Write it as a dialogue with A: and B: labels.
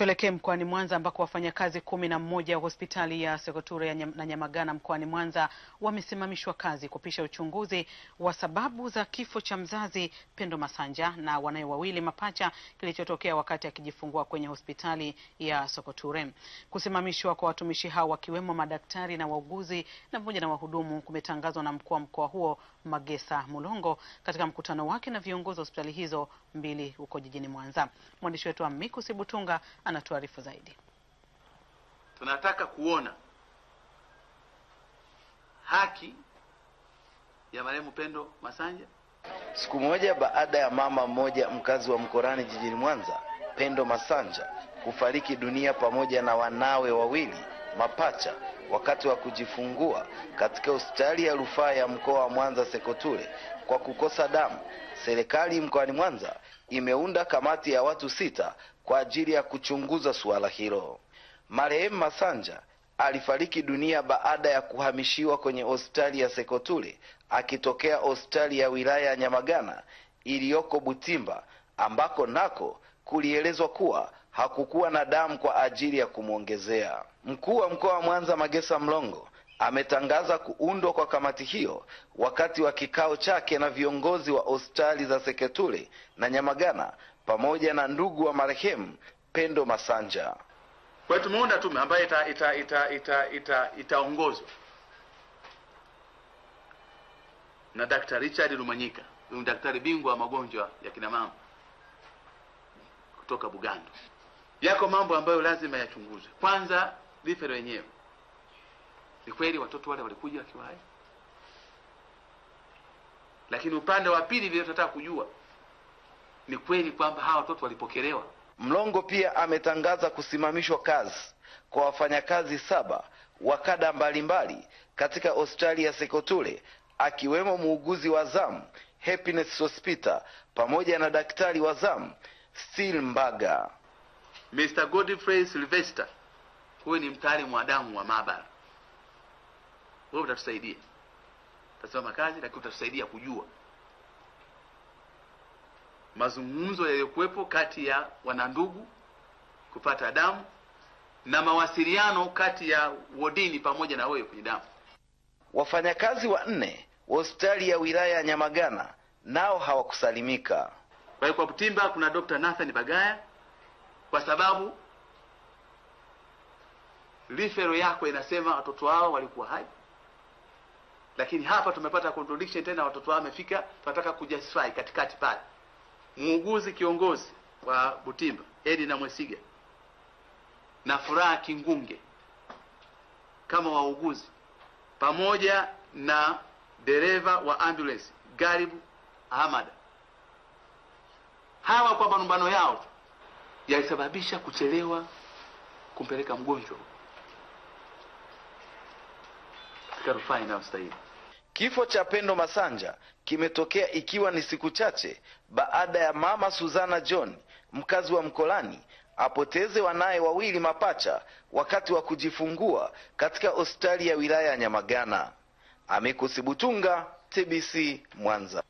A: Tuelekee mkoani Mwanza ambako wafanyakazi kumi na mmoja wa hospitali ya Sekoture na Nyamagana mkoani Mwanza wamesimamishwa kazi kupisha uchunguzi wa sababu za kifo cha mzazi Pendo Masanja na wanaye wawili mapacha kilichotokea wakati akijifungua kwenye hospitali ya Sokoture. Kusimamishwa kwa watumishi hao wakiwemo madaktari na wauguzi na pamoja na wahudumu kumetangazwa na mkuu wa mkoa huo Magesa Mulongo katika mkutano wake na viongozi wa hospitali hizo mbili huko jijini Mwanza. Mwandishi wetu Amiku Sibutunga anatuarifu zaidi.
B: Tunataka kuona haki ya marehemu Pendo Masanja.
C: Siku moja baada ya mama mmoja mkazi wa Mkorani jijini Mwanza, Pendo Masanja kufariki dunia pamoja na wanawe wawili mapacha wakati wa kujifungua katika hospitali ya rufaa ya mkoa wa Mwanza Sekoture kwa kukosa damu, serikali mkoani Mwanza imeunda kamati ya watu sita kwa ajili ya kuchunguza suala hilo. Marehemu Masanja alifariki dunia baada ya kuhamishiwa kwenye hospitali ya Sekotule akitokea hospitali ya wilaya ya Nyamagana iliyoko Butimba, ambako nako kulielezwa kuwa hakukuwa na damu kwa ajili ya kumwongezea. Mkuu wa mkoa wa Mwanza Magesa Mlongo ametangaza kuundwa kwa kamati hiyo wakati wa kikao chake na viongozi wa hospitali za Seketule na Nyamagana pamoja na ndugu wa marehemu Pendo Masanja.
B: Kwa hiyo tumeunda tume ambayo itaongozwa ita, ita, ita, ita, na Daktari Richard Rumanyika, ni daktari bingwa wa magonjwa ya kina mama kutoka Bugando. Yako mambo ambayo lazima yachunguzwe. Kwanza vifero wenyewe, ni kweli watoto wale walikuja wakiwa hai, lakini upande wa pili vile tunataka kujua ni kweli kwamba hawa watoto walipokelewa.
C: Mlongo pia ametangaza kusimamishwa kazi kwa wafanyakazi saba wa kada mbalimbali katika hospitali ya Sekotule akiwemo muuguzi wa zamu Happiness Hospital pamoja na daktari wa zamu stil Mbaga.
B: Mr. Godfrey Sylvester, huyu ni mtaalamu wa damu wa maabara. Wewe utatusaidia, utasimama kazi, lakini utatusaidia kujua mazungumzo yaliyokuwepo kati ya wanandugu kupata damu na mawasiliano kati ya wodini pamoja na wewe kwenye damu.
C: Wafanyakazi wanne wa hospitali ya wilaya ya Nyamagana nao hawakusalimika.
B: Kwa hiyo kwa Butimba kuna Dr. Nathan Bagaya, kwa sababu rifero yako inasema watoto wao walikuwa hai, lakini hapa tumepata contradiction tena, watoto wao wamefika, tunataka kujustify katikati pale muuguzi kiongozi wa Butimba na Mwesiga na Furaha Kingunge kama wauguzi pamoja na dereva wa ambulance Garibu Ahmad. Hawa kwa malumbano yao yalisababisha kuchelewa kumpeleka mgonjwa katika rufaa inayostahili.
C: Kifo cha Pendo Masanja kimetokea ikiwa ni siku chache baada ya mama Suzana John mkazi wa Mkolani apoteze wanaye wawili mapacha wakati wa kujifungua katika hospitali ya wilaya ya Nyamagana. Amekusibutunga, TBC Mwanza.